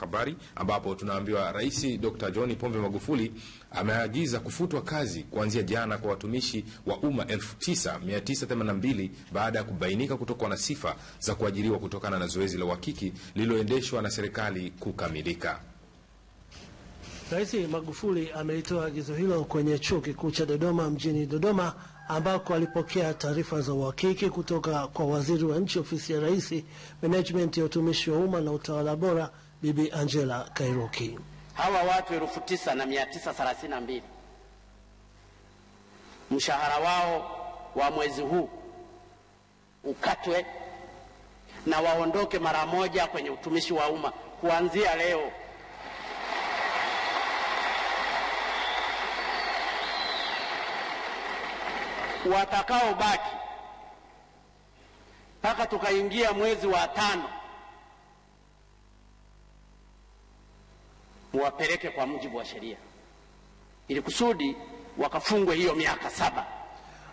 habari ambapo tunaambiwa Rais Dr. John Pombe Magufuli ameagiza kufutwa kazi kuanzia jana kwa watumishi wa umma 9982 baada ya kubainika kutokwa na sifa za kuajiriwa kutokana na zoezi la uhakiki lililoendeshwa na serikali kukamilika. Rais Magufuli ameitoa agizo hilo kwenye Chuo Kikuu cha Dodoma mjini Dodoma ambako alipokea taarifa za uhakiki kutoka kwa waziri wa nchi, ofisi ya rais, menejmenti ya utumishi wa umma na utawala bora Bibi Angela Kairuki. Hawa watu elfu tisa na mia tisa thelathini na mbili mshahara wao wa mwezi huu ukatwe na waondoke mara moja kwenye utumishi wa umma kuanzia leo. Watakaobaki mpaka tukaingia mwezi wa tano wapeleke kwa mujibu wa sheria ili kusudi wakafungwe hiyo miaka saba.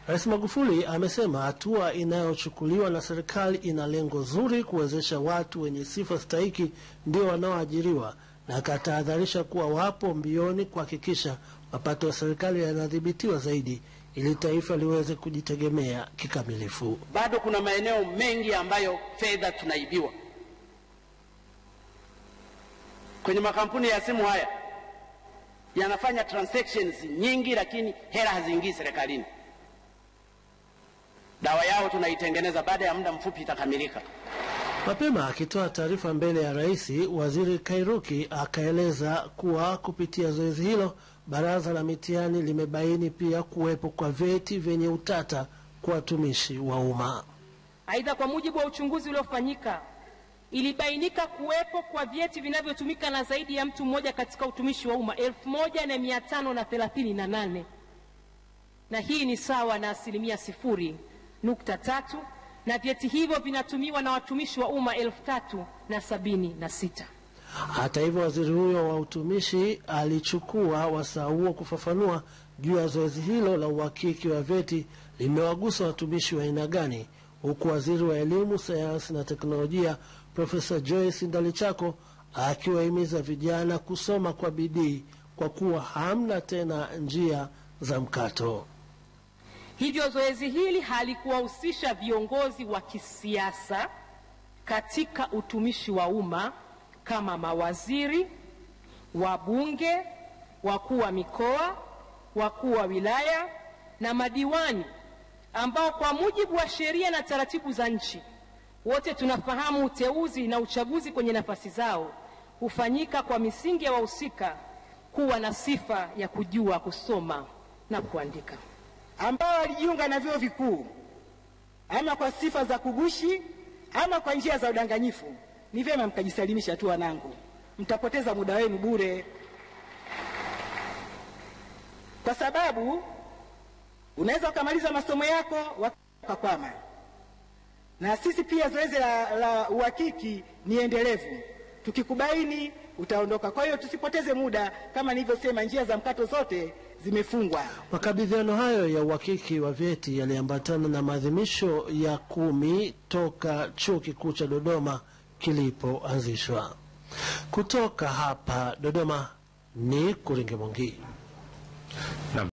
Rais Magufuli amesema hatua inayochukuliwa na serikali ina lengo zuri, kuwezesha watu wenye sifa stahiki ndio wanaoajiriwa, na akatahadharisha kuwa wapo mbioni kuhakikisha mapato ya serikali yanadhibitiwa zaidi ili taifa liweze kujitegemea kikamilifu. Bado kuna maeneo mengi ambayo fedha tunaibiwa kwenye makampuni ya simu haya yanafanya transactions nyingi, lakini hela haziingii serikalini. Dawa yao tunaitengeneza, baada ya muda mfupi itakamilika. Mapema akitoa taarifa mbele ya rais, waziri Kairuki akaeleza kuwa kupitia zoezi hilo baraza la mitihani limebaini pia kuwepo kwa vyeti vyenye utata kwa watumishi wa umma. Aidha, kwa mujibu wa uchunguzi uliofanyika ilibainika kuwepo kwa vyeti vinavyotumika na zaidi ya mtu mmoja katika utumishi wa umma elfu moja na mia tano na thelathini na nane na hii ni sawa na asilimia sifuri nukta tatu na vyeti hivyo vinatumiwa na watumishi wa umma elfu tatu na sabini na sita. Hata hivyo waziri huyo wa utumishi alichukua wasaa huo kufafanua juu ya zoezi hilo la uhakiki wa vyeti limewagusa watumishi wa aina gani huku waziri wa elimu, sayansi na teknolojia Profesa Joyce Ndalichako akiwahimiza vijana kusoma kwa bidii kwa kuwa hamna tena njia za mkato. Hivyo zoezi hili halikuwahusisha viongozi wa kisiasa katika utumishi wa umma kama mawaziri, wabunge, wakuu wa mikoa, wakuu wa wilaya na madiwani ambao kwa mujibu wa sheria na taratibu za nchi, wote tunafahamu uteuzi na uchaguzi kwenye nafasi zao hufanyika kwa misingi ya wahusika kuwa na sifa ya kujua kusoma na kuandika, ambao walijiunga na vyuo vikuu ama kwa sifa za kugushi ama kwa njia za udanganyifu, ni vyema mkajisalimisha tu wanangu, mtapoteza muda wenu bure, kwa sababu Unaweza ukamaliza masomo yako ukakwama. Na sisi pia zoezi la, la uhakiki ni endelevu, tukikubaini utaondoka. Kwa hiyo tusipoteze muda, kama nilivyosema, njia za mkato zote zimefungwa. Makabidhiano hayo ya uhakiki wa vyeti yaliambatana na maadhimisho ya kumi toka Chuo Kikuu cha Dodoma kilipoanzishwa. Kutoka hapa Dodoma ni Kuringe Mwangi.